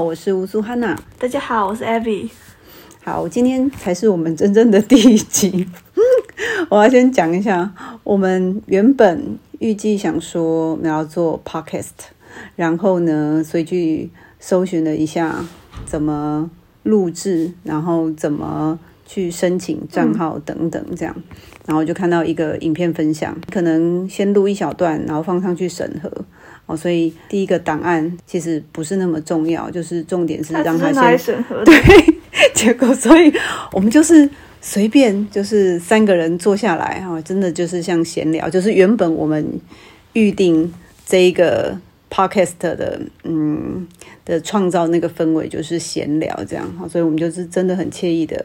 我是吳蘇漢娜。大家好，我是 Abby。好，今天才是我們真正的第一集。 我要先講一下，我們原本預計想說我們要做 Podcast，然後呢，所以去搜尋了一下怎麼錄製，然後怎麼去申請賬號等等，這樣、嗯，然後就看到一個影片分享，可能先錄一小段，然後放上去審核。哦，所以第一個檔案其實不是那麼重要，就是重點是讓他先審核。對，結果，所以我們就是隨便，就是三個人坐下來啊，哦，真的就是像閒聊，就是原本我們預定這一個。Podcast 的嗯的創造那個氛圍就是閒聊這樣哈，所以我們就是真的很愜意的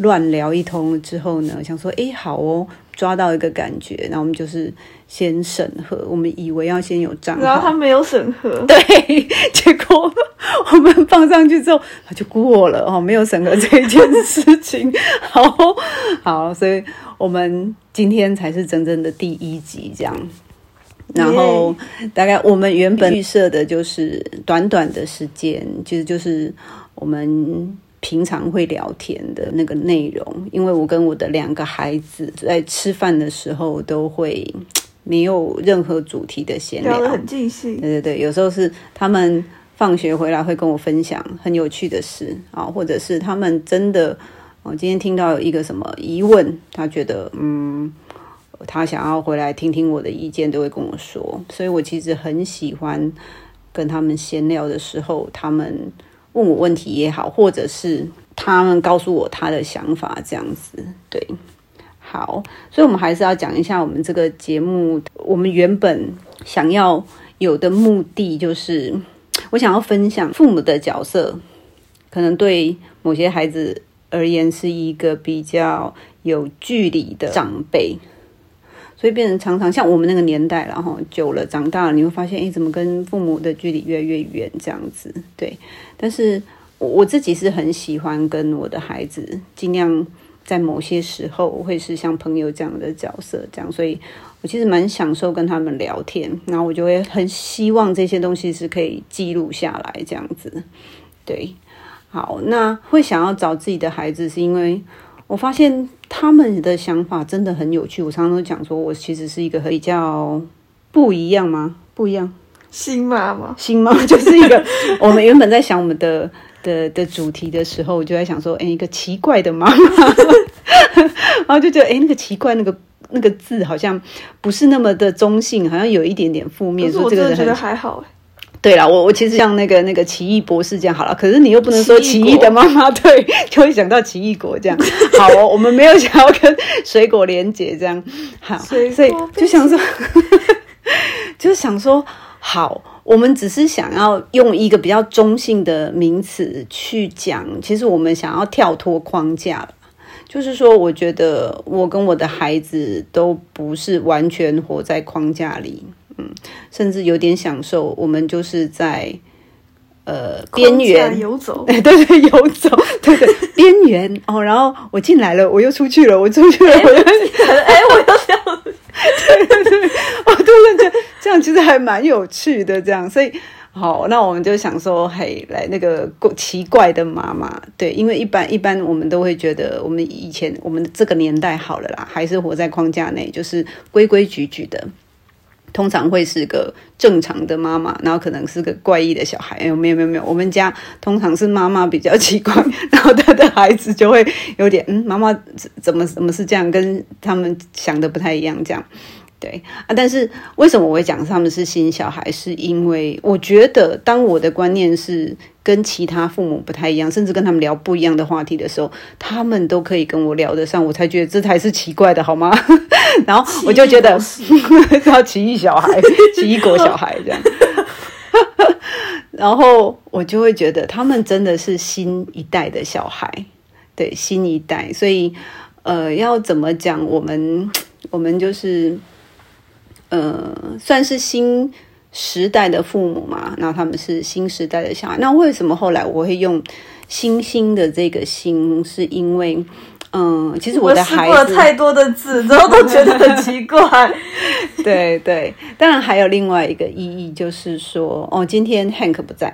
亂聊一通之後呢，想說誒好哦，抓到一個感覺，那我們就是先審核，我們以為要先有賬號，然後他沒有審核，對，結果我們放上去之後他就過了哦，沒有審核這件事情， 好好，所以我們今天才是真正的第一集這樣。然後，大概我們原本預設的就是短短的時間，其實就是我們平常會聊天的那個內容。因為我跟我的兩個孩子在吃飯的時候都會沒有任何主題的閒聊，很盡興。對對對，有時候是他們放學回來會跟我分享很有趣的事啊，或者是他們真的，我今天聽到有一個什麼疑問，他覺得嗯。他想要回來聽聽我的意見，都會跟我說，所以我其實很喜歡跟他們閒聊的時候，他們問我問題也好，或者是他們告訴我他的想法這樣子。對，好，所以我們還是要講一下我們這個節目，我們原本想要有的目的就是，我想要分享父母的角色，可能對某些孩子而言是一個比較有距離的長輩。所以變成常常像我們那個年代啦，然後久了長大了，你會發現，誒、欸，怎麼跟父母的距離越來越遠這樣子？對，但是我，我自己是很喜歡跟我的孩子，盡量在某些時候會是像朋友這樣的角色這樣，所以我其實蠻享受跟他們聊天，然後我就會很希望這些東西是可以記錄下來這樣子。對，好，那會想要找自己的孩子，是因為。我發現他們的想法真的很有趣。我常常都講說，我其實是一個可以叫不一樣嗎？不一樣，新媽媽。新媽媽就是一個。我們原本在想我們的 的的、的主題的時候，我就在想說，哎、欸，一個奇怪的媽媽， 然後就覺得，哎、欸，那個奇怪，那個那個字好像不是那麼的中性，好像有一點點負面。我真的覺得還好耶對啦，我我其實像那個那個奇異博士這樣好了，可是你又不能說奇異的媽媽，對，就會想到奇異果這樣。好、喔， 我們沒有想要跟水果連接這樣。好，所以就想說， 就想說，好，我們只是想要用一個比較中性的名詞去講。其實我們想要跳脫框架了，就是說，我覺得我跟我的孩子都不是完全活在框架裡。嗯，甚至有點享受。我們就是在，呃，邊緣遊走，對對，遊走，對對，邊緣。哦，然後我進來了，我又出去了，我出去了，欸、我又來哎、 欸，我又這樣 對對、 哦，對對對，我對，我感覺這樣其實還蠻有趣的。這樣，所以好，那我們就想說，嘿，來那個怪奇怪的媽媽，對，因為一般一般我們都會覺得，我們以前我們這個年代好了啦，還是活在框架內，就是規規矩矩的。通常會是個正常的媽媽，然後可能是個怪異的小孩。欸，沒有沒有沒有，我們家通常是媽媽比較奇怪，然後他的孩子就會有點嗯，媽媽怎麼怎麼是這樣，跟他們想的不太一樣這樣。對啊，但是為什麼我會講他們是新小孩？是因為我覺得，當我的觀念是跟其他父母不太一樣，甚至跟他們聊不一樣的話題的時候，他們都可以跟我聊得上，我才覺得這才是奇怪的，好嗎？ 然後我就覺得奇異果是 是要奇異小孩，奇異果小孩這樣。 然後我就會覺得他們真的是新一代的小孩，對，新一代。所以，呃，要怎麼講？我們，我們就是。呃，算是新時代的父母嘛，那他們是新時代的小孩。那為什麼後來我會用星星的這個星，是因為。嗯，其實我的孩子我過了太多的字，然 後都覺得很奇怪。對 對，當然還有另外一個意義，就是說，哦，今天 Hank 不在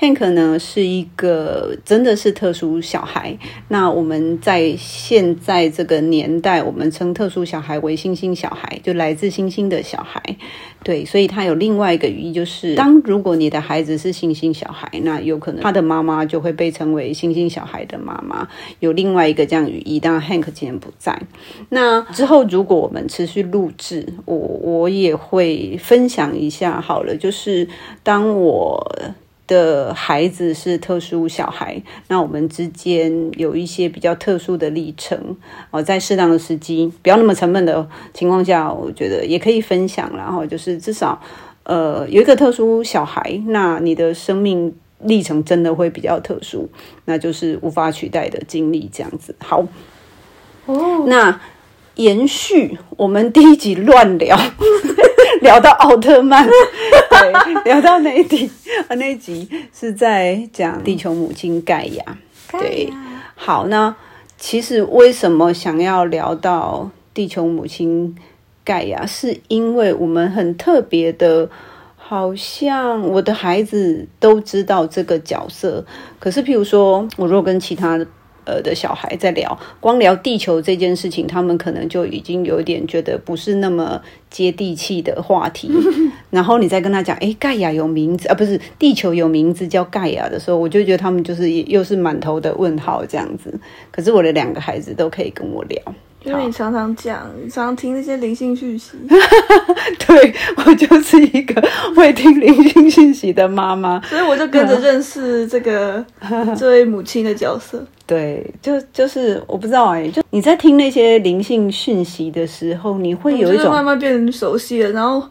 ，Hank 呢是一個真的是特殊小孩。那我們在現在這個年代，我們稱特殊小孩為星星小孩，就來自星星的小孩。對，所以他有另外一個語義，就是當如果你的孩子是星星小孩，那有可能他的媽媽就會被稱為星星小孩的媽媽，有另外一個這樣的語義。當然 Hank 今天不在，那之後如果我們持續錄製，我我也會分享一下。好了，就是當我的孩子是特殊小孩，那我們之間有一些比較特殊的歷程。哦、呃，在適當的時機，不要那麼沉悶的情況下，我覺得也可以分享。然後就是至少，呃，有一個特殊小孩，那你的生命。歷程真的會比較特殊，那就是無法取代的經歷，這樣子。好，哦，那延續我們第一集亂聊，聊到奧特曼， 對，聊到哪一集啊？那一集是在講地球母親蓋亞、嗯、蓋亞，對。好，那其實為什麼想要聊到地球母親蓋亞，是因為我們很特別的。好像我的孩子都知道這個角色，可是譬如說，我如果跟其他的呃的小孩在聊光聊地球這件事情，他們可能就已經有點覺得不是那麼接地氣的話題。 然後你再跟他講，誒，蓋亞有名字啊，不是地球有名字叫蓋亞的時候，我就覺得他們就是又是滿頭的問號這樣子。可是我的兩個孩子都可以跟我聊。因、就、為、是、你常常講，常，常聽那些靈性訊息， 對，我就是一個會聽靈性訊息的媽媽，所以我就跟着認識這個這 位母親的角色。對，就就是我不知道哎、欸，就你在聽那些靈性訊息的時候，你會有一種就是慢慢變成熟悉了。然後，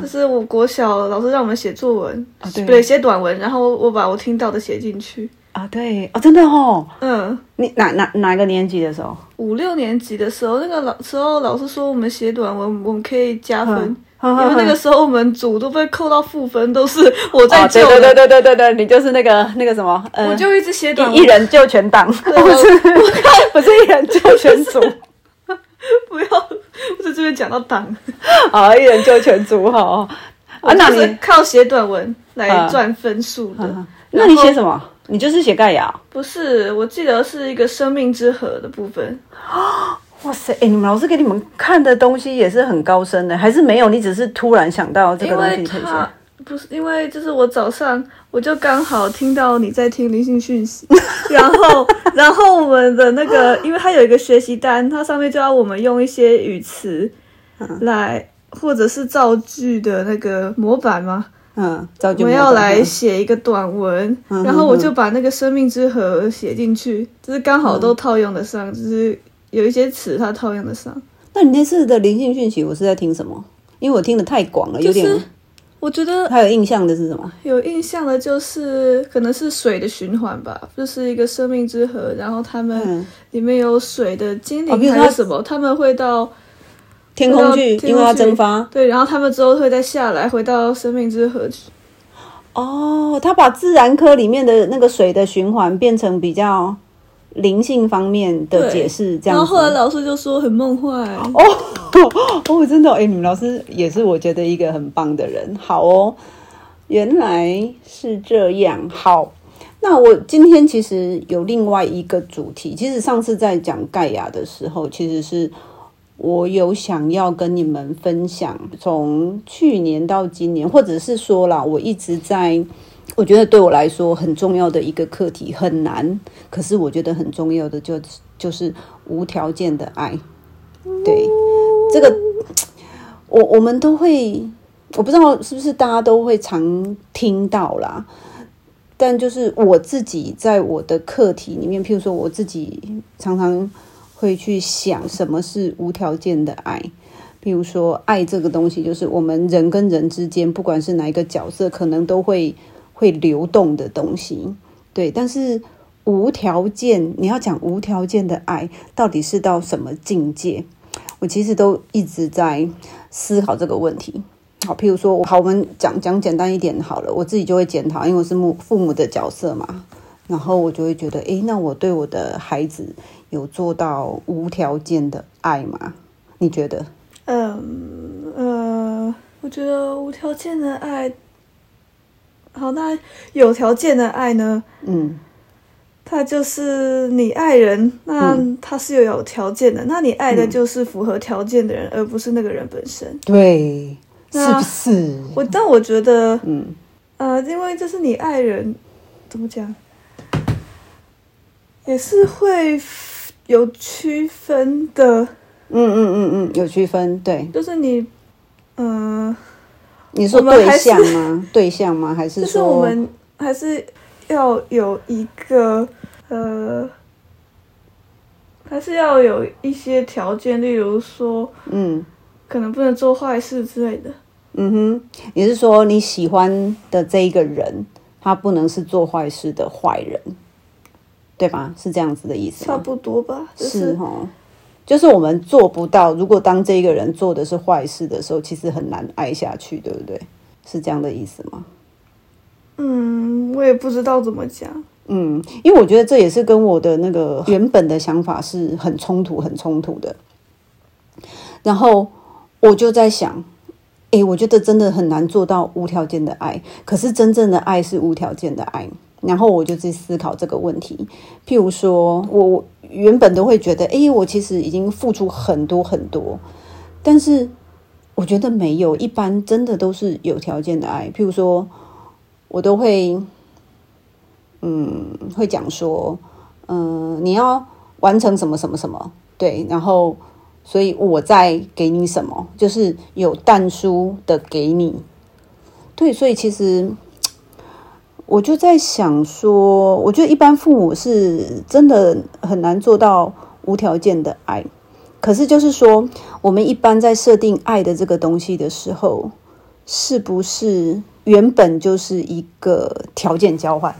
就是我國小老師讓我們寫作文，啊、對，寫短文，然後我把我聽到的寫進去。啊、哦，對哦，真的哦。嗯，你哪哪哪個年級的時候？五六年級的時候，那個老時候老師說我們寫短文我們可以加分，因為那個時候我們組都被扣到負分，都是我在救的。對、哦、對對對對對對，你就是那個那個什麼、呃，我就一直寫短文，一,一人救全黨，不是不是一人救全組， 不要，我這邊講到黨啊，一人救全組好。啊，那你靠寫短文來賺分數的，啊、那，你那你寫什麼？你就是寫蓋亞？不是，我記得是一個生命之河的部分。哇塞，欸！你們老師給你們看的東西也是很高深的，還是沒有？你只是突然想到這個東西猜猜？不是，因為就是我早上我就剛好聽到你在聽靈性訊息， 然後然後我們的那個，因為它有一個學習單，它上面就要我們用一些語詞來或者是造句的那個模板嗎？嗯，我要來寫一個短文，嗯哼哼，然後我就把那個生命之河寫進去，嗯，就是剛好都套用得上，嗯、就是有一些詞它套用得上。那你這次的靈性訊息，我是在聽什麼？因為我聽得太廣了，就是，有點。我覺得還有印象的是什麼？有印象的就是可能是水的循環吧，就是一個生命之河，然後他們裡面有水的精靈是，嗯，什麼？他們會到。天空去，去蒸發，對，然後他們之後會再下來，回到生命之河去。哦、oh，他把自然科裡面的那個水的循環變成比較靈性方面的解釋，這樣。然後後來老師就說很夢幻。哦，哦，真的，哎、欸，你們老師也是，我覺得一個很棒的人。好哦，原來是這樣。好，那我今天其實有另外一個主題，其實上次在講蓋亞的時候，其實是。我有想要跟你們分享，從去年到今年，或者是說啦，我一直在，我覺得對我來說很重要的一個課題，很難，可是我覺得很重要的就就是無條件的愛。對，這個我我們都會，我不知道是不是大家都會常聽到啦，但就是我自己在我的課題裡面，譬如說我自己常常。會去想什麼是無條件的愛，比如說愛這個東西，就是我們人跟人之間，不管是哪一個角色，可能都會會流動的東西，對。但是無條件，你要講無條件的愛，到底是到什麼境界？我其實都一直在思考這個問題。好，譬如說，好，我們講講簡單一點好了。我自己就會檢討，因為我是母父母的角色嘛，然後我就會覺得，誒，那我對我的孩子。有做到無條件的愛嗎？你覺得？嗯呃，我覺得無條件的愛。好，那有條件的愛呢？嗯，他就是你愛人，那他是有條件的，嗯，那你愛的就是符合條件的人，嗯，而不是那個人本身。對，是不是？我但我覺得，嗯呃，因為這是你愛人，怎麼講，也是會。有區分的，嗯嗯嗯嗯，有區分，對，就是你，嗯、呃，你說我們還是對象嗎？ 對象嗎？還是說就是我們還是要有一個，呃，還是要有一些條件，例如說，嗯，可能不能做壞事之類的。嗯哼，你是說你喜歡的這一個人，他不能是做壞事的壞人。對吧？是這樣子的意思，差不多吧。是哈，就是我們做不到。如果當這個人做的是壞事的時候，其實很難愛下去，對不對？是這樣的意思嗎？嗯，我也不知道怎麼講。嗯，因為我覺得這也是跟我的那個原本的想法是很衝突、很衝突的。然後我就在想，誒、欸，我覺得真的很難做到無條件的愛。可是真正的愛是無條件的愛。然後我就在思考這個問題，譬如說，我原本都會覺得，哎，我其實已經付出很多很多，但是我覺得沒有，一般真的都是有條件的愛。譬如說，我都會，嗯，會講說，嗯、呃，你要完成什麼什麼什麼，對，然後，所以我再給你什麼，就是有但書的給你，對，所以其實。我就在想說，我覺得一般父母是真的很難做到無條件的愛，可是就是說，我們一般在設定愛的這個東西的時候，是不是原本就是一個條件交換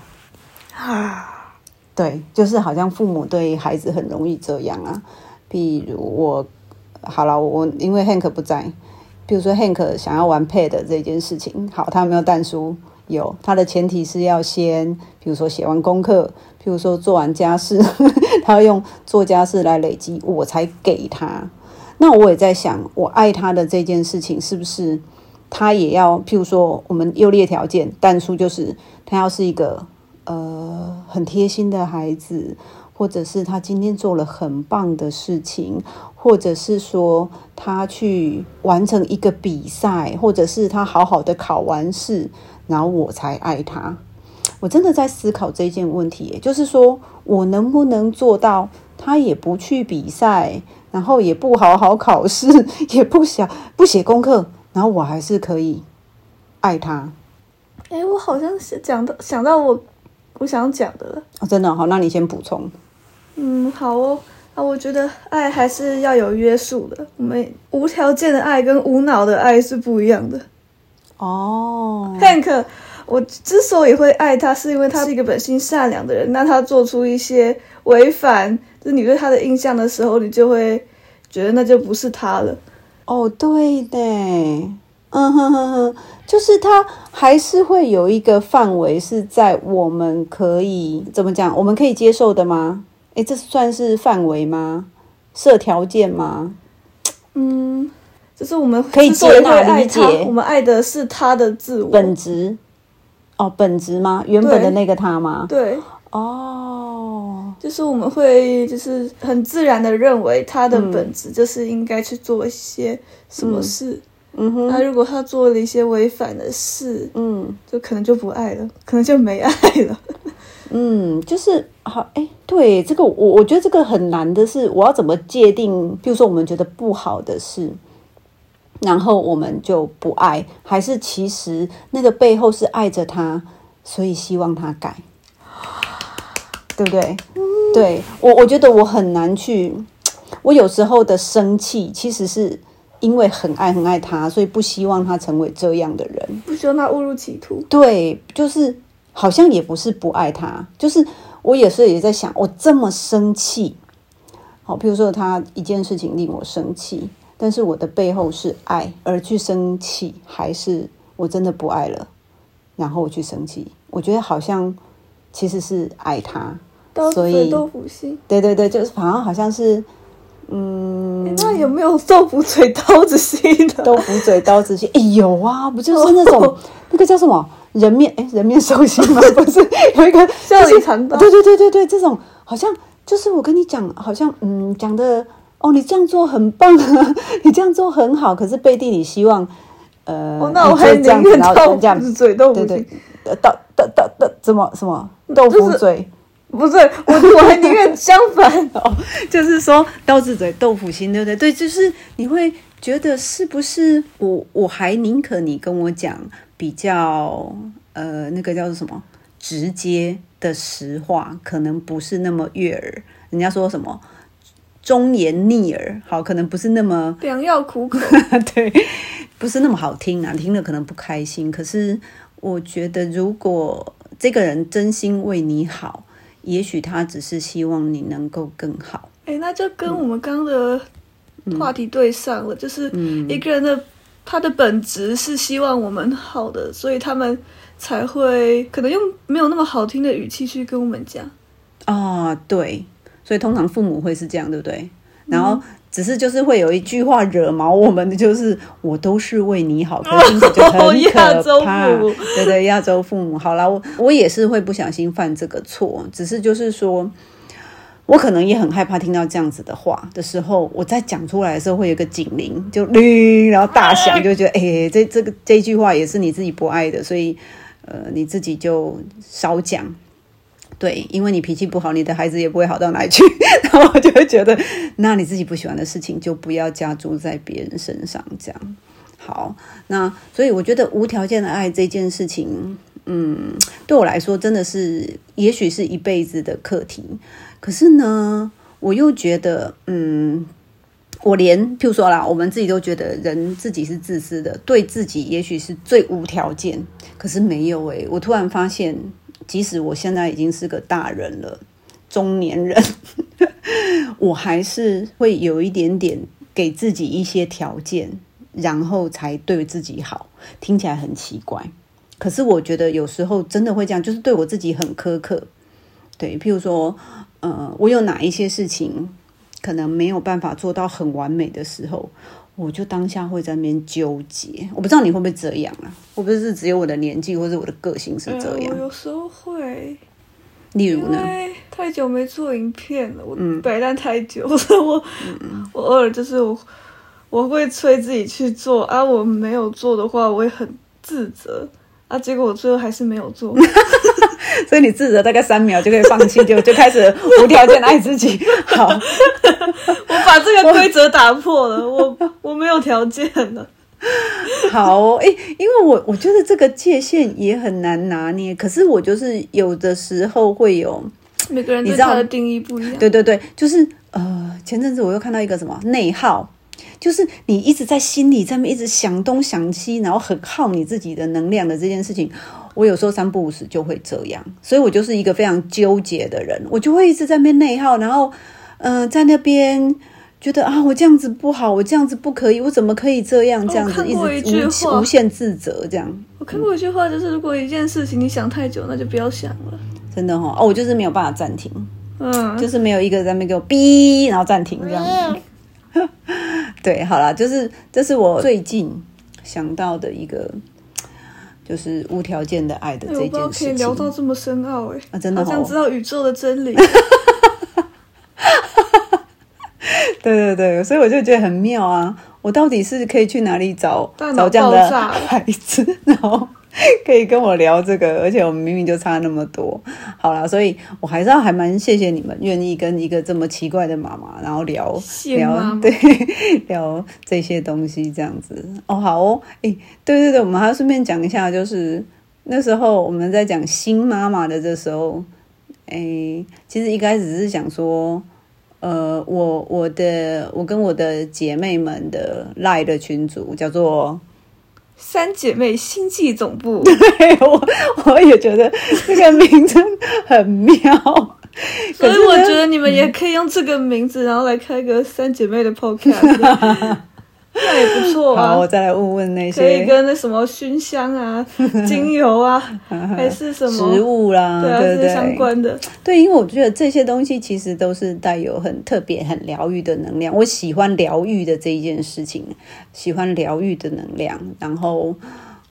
啊？對，就是好像父母對孩子很容易這樣啊。譬如我，好了，我因為 Hank 不在，比如說 Hank 想要玩 Pad 這件事情，好，他沒有蛋書。有他的前提是要先，比如說寫完功課，譬如說做完家事，呵呵，他要用做家事來累積，我才給他。那我也在想，我愛他的這件事情是不是他也要？譬如說，我們優劣條件，但書就是他要是一個呃很貼心的孩子，或者是他今天做了很棒的事情，或者是說他去完成一個比賽，或者是他好好的考完試。然後我才愛他，我真的在思考這件問題，就是說我能不能做到他也不去比賽，然後也不好好考試，也不想不寫功課，然後我還是可以愛他。哎、欸，我好像是講到想到我我想講的了，哦、真的好，那你先補充。嗯，好哦，那我覺得愛還是要有約束的，我們無條件的愛跟無腦的愛是不一樣的。哦，Hank，我之所以會愛他，是因為他是一個本性善良的人。那他做出一些違反就是你對他的印象的時候，你就會覺得那就不是他了。哦、oh，對的，嗯哼哼哼，就是他還是會有一個範圍是在我們可以怎麼講，我們可以接受的嗎？誒，這算是範圍嗎？設條件嗎？嗯。就是我們是做一可以接納愛他，我們愛的是他的自我本質，哦，本質嗎？原本的那個他嗎？對，哦，就是我們會就是很自然的認為他的本質就是應該去做一些什麼事，嗯,嗯,嗯哼，那如果他做了一些違反的事，嗯，就可能就不愛了，可能就沒愛了，嗯，就是好，哎，對，這個我我覺得這個很難的是，我要怎麼界定？比如說我們覺得不好的事。然後我們就不愛，還是其實那個背後是愛着他，所以希望他改，對不對？對我，我覺得我很難去，我有時候的生氣其實是因為很愛很愛他，所以不希望他成為這樣的人，不希望他誤入歧途。對，就是好像也不是不愛他，就是我有時候也在想，我這麼生氣，好，譬如說他一件事情令我生氣。但是我的背後是愛，而去生氣，還是我真的不愛了？然後我去生氣，我覺得好像其實是愛他，所以對對對，就是好像好像是，嗯，欸、那有沒有豆腐嘴刀子心的？豆腐嘴刀子心，欸，有啊，不就是那種、哦、那個叫什麼人面哎、欸、人面獸心嗎？不是有一個叫笑裡藏刀？對對對對對，這種好像就是我跟你講，好像嗯講的。講哦，你這樣做很棒，啊，你這樣做很好，可是背地裡希望，呃，哦、那我還寧願刀子嘴豆腐心，對不對，對？刀刀刀刀怎麼什麼豆腐嘴，就是？不是，我 我還寧願相反 哦，就是說刀子嘴豆腐心，對不對？對，就是你會覺得是不是我，我還寧可你跟我講比較，呃，那個叫做什麼直接的實話，可能不是那麼悅耳。人家說什麼？忠言逆耳，好，可能不是那麼良藥苦口， 對，不是那麼好聽啊，聽了可能不開心。可是我覺得，如果這個人真心為你好，也許他只是希望你能夠更好。哎、欸，那就跟我們剛的話題對上了，嗯嗯、就是一個人的他的本質是希望我們好的，所以他們才會可能用沒有那麼好聽的語氣去跟我們講。啊、哦，對。所以通常父母會是這樣，對不對？然後只是就是會有一句話惹毛我們的，就是我都是為你好，可是就很可怕。哦。對對，亞洲父母，好啦，我我也是會不小心犯這個錯，只是就是說，我可能也很害怕聽到這樣子的話的時候，我在講出來的時候會有一個警鈴就鈴，然後大響，就覺得哎，這這個這，這句話也是你自己不愛的，所以呃，你自己就少講。對，因為你脾氣不好，你的孩子也不會好到哪去。 然後我就會覺得，那你自己不喜歡的事情就不要加注在別人身上。這樣好，那所以我覺得無條件的愛這件事情，嗯，對我來說真的是，也許是一輩子的課題。可是呢，我又覺得，嗯，我連譬如說啦，我們自己都覺得人自己是自私的，對自己也許是最無條件。可是沒有誒、欸，我突然發現。即使我現在已經是個大人了，中年人，我還是會有一點點給自己一些條件，然後才對自己好。聽起來很奇怪，可是我覺得有時候真的會這樣，就是對我自己很苛刻。對，譬如說，呃，我有哪一些事情可能沒有辦法做到很完美的時候。我就當下會在那邊糾結，我不知道你會不會這樣啊？我不是只有我的年紀或者我的個性是這樣，我有時候會。例如呢？因為太久沒做影片了，我擺爛太久了，我、嗯、我偶爾就是我我會催自己去做啊，我沒有做的話我也很自責啊，結果我最後還是沒有做。 所以你自責大概三秒就可以放棄，就就開始無條件 愛自己。好，我把這個規則打破了，我我，我沒有條件了。好，哎、欸，因為我我覺得這個界限也很難拿捏。可是我就是有的時候會有，每個人對他的定義不一樣。對對對，就是呃，前陣子我又看到一個什麼內耗，就是你一直在心裡在那邊一直想東想西，然後很耗你自己的能量的這件事情。我有時候三不五時就會這樣，所以我就是一個非常糾結的人，我就會一直在那邊內耗，然後，嗯、呃，在那邊覺得啊，我這樣子不好，我這樣子不可以，我怎麼可以這樣這樣子，一直無限自責這樣。我看過一句話，我看過一句話就是如果一件事情你想太久，那就不要想了。真的哈，哦，我就是沒有辦法暫停，嗯，就是沒有一個人在那邊給我嗶，然後暫停這樣子。 對，好了，就是這是我最近想到的一個。就是無條件的愛的這件事情，哎、我可以聊到這麼深奧哎，啊，真的很、哦、好像知道宇宙的真理。 對對對，所以我就覺得很妙啊，我到底是可以去哪裡找找這樣的孩子，然後。 可以跟我聊這個，而且我們明明就差那麼多，好啦，所以我還是要還蠻謝謝你們願意跟一個這麼奇怪的媽媽，然後聊謝謝媽媽聊，對，聊這些東西這樣子哦，好哦，哎、欸，對對對，我們還要順便講一下，就是那時候我們在講新媽媽的這時候、欸，其實一開始只是想說，呃，我我的我跟我的姐妹們的賴的群組叫做。三姐妹星際總部，對，我，我也覺得這個名稱很妙，所 以我覺得你們也可以用這個名字，然後來開個三姐妹的 podcast 兩邊。 那也不錯。好，我再來問問那些，所以跟那什麼熏香啊、 精油啊，還是什麼植 物啦，對不、啊、對，對，對？相關的。對，因為我覺得這些東西其實都是帶有很特別、很療癒的能量。我喜歡療癒的這一件事情，喜歡療癒的能量，然後。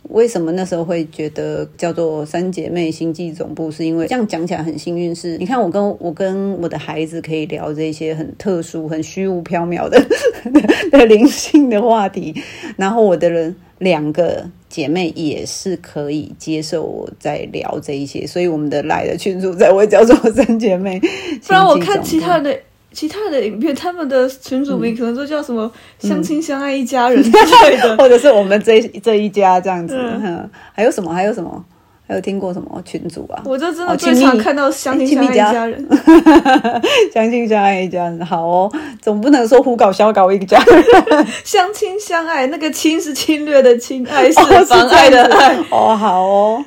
為什麼那時候會覺得叫做三姐妹星際總部？是因為這樣講起來很幸運，是你看我跟我跟我的孩子可以聊這些很特殊、很虛無縹緲的 的，的靈性的話題，然後我的人兩個姐妹也是可以接受我在聊這一些，所以我們的來的群主才會叫做三姐妹，不然我看其他的。其他的影片，他們的群組名可能都叫什麼“相親相愛一家人”之類的，嗯嗯、 或者是我們這一這一家這樣子、嗯。還有什麼？還有什麼？還有聽過什麼群組啊？我就真的最常看到“相親相愛一家人”。欸、 相親相愛一家人，好哦。總不能說胡搞瞎搞一家人。 相親相愛，那個“親”是侵略的“侵”，愛是妨礙的“愛”哦愛。哦，好哦。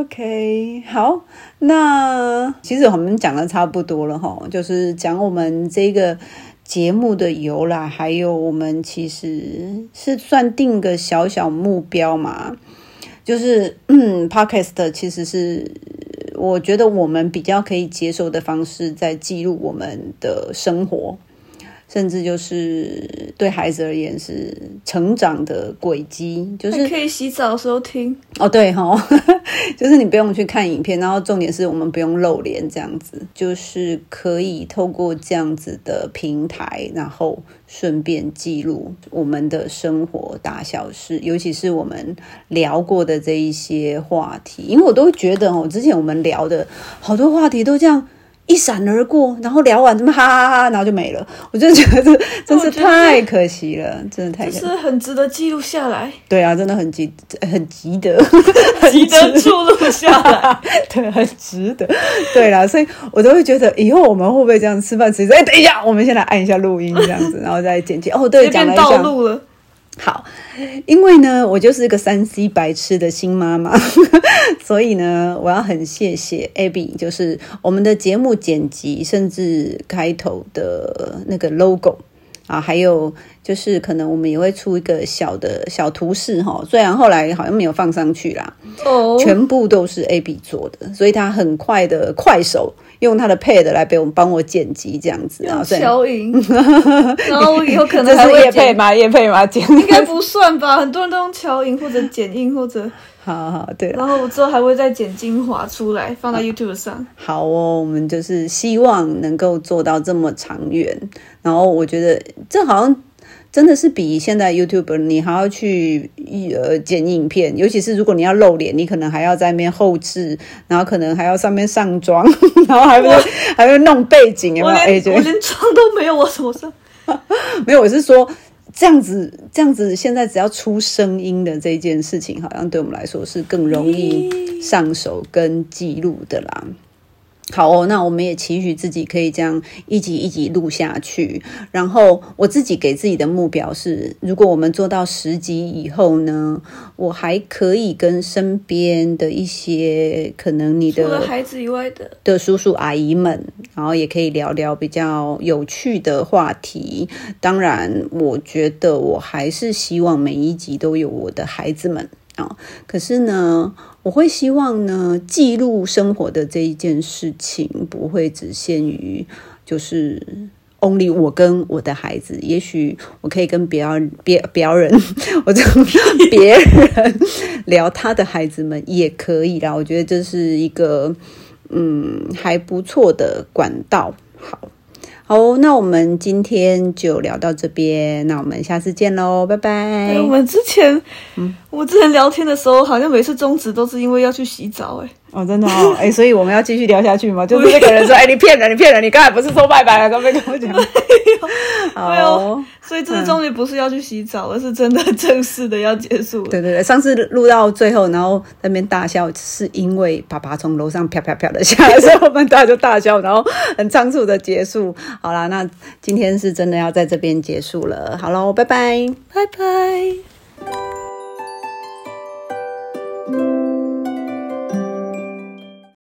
OK，好，那其實我們講的差不多了哈，就是講我們這個節目的由來，還有我們其實是算定個小小目標嘛，就是，嗯，Podcast 其實是我覺得我們比較可以接受的方式，在記錄我們的生活。甚至就是對孩子而言是成長的軌跡，就是你可以洗澡的時候聽哦，對吼、哦， 就是你不用去看影片，然後重點是我們不用露臉這樣子，就是可以透過這樣子的平台，然後順便記錄我們的生活大小事，尤其是我們聊過的這一些話題，因為我都覺得哦，之前我們聊的好多話題都這樣。一閃而過，然後聊完這麼哈，哈哈哈，然後就沒了。我就覺得這真是太可惜了，真的太可惜了，就是很值得記錄下來。對啊，真的很，很， 很值，很值得，值得記錄下來。 對，很值得。 對啦，所以我都會覺得以後我們會不會這樣吃飯？吃吃，哎， 等一下，我們先來按一下錄音，這樣子，然後再剪輯。 哦，對，講道路了。好，因為呢，我就是一個三 C 白痴的新媽媽，所以呢，我要很謝謝 Abby，就是我們的節目剪輯，甚至開頭的那個 logo。啊，還有就是可能我們也會出一個小的小圖示哈，雖然後來好像沒有放上去啦，哦、oh.，全部都是 A B 做的，所以他很快的快手用他的 Pad 來被我們幫我剪輯這樣子啊，用巧影、嗯。然後我以後可能還會業配嘛，業配嘛剪，應該不算吧， 很多人都用巧影或者剪映，或者。好好對，然後我之後還會再剪精華出來，放到 YouTube 上。啊，好哦，我們就是希望能夠做到這麼長遠。然後我覺得這好像真的是比現在 YouTube 你還要去呃剪影片，尤其是如果你要露臉，你可能還要在那邊後製，然後可能還要上面上妝， 然後還會還會弄背景，我連我連妝都沒有，我，我，有我怎麼上、啊？沒有，我是說。這樣子，這樣子，現在只要出聲音的這件事情，好像對我們來說是更容易上手跟記錄的啦。好哦，那我們也期許自己可以這樣一集一集錄下去。然後我自己給自己的目標是，如果我們做到十集以後呢，我還可以跟身邊的一些可能你的除了孩子以外的的叔叔阿姨們，然後也可以聊聊比較有趣的話題。當然，我覺得我還是希望每一集都有我的孩子們啊、哦。可是呢。我會希望呢，記錄生活的這一件事情不會只限於，就是 only 我跟我的孩子，也許我可以跟別人、別別人，我就讓別人聊他的孩子們也可以啦。我覺得這是一個嗯還不錯的管道。好。好、哦，那我們今天就聊到這邊，那我們下次見嘍，拜拜、哎。我們之前、嗯，我之前聊天的時候，好像每次終止都是因為要去洗澡、欸，誒哦，真的哦，誒、欸、所以我們要繼續聊下去嘛？ 就是那個人說，誒、欸、你騙人，你騙人，你剛才不是說拜拜了、啊，剛才跟我講。哎 沒有，沒有，好哦，所以這次終於不是要去洗澡，而、嗯、是真的正式的要結束。對對對，上次錄到最後，然後在那邊大笑，是因為爸爸從樓上啪，啪啪啪的下來，所以我們大家就大笑，然後很倉促的結束。好啦，那今天是真的要在這邊結束了。好嘍，拜拜，拜拜。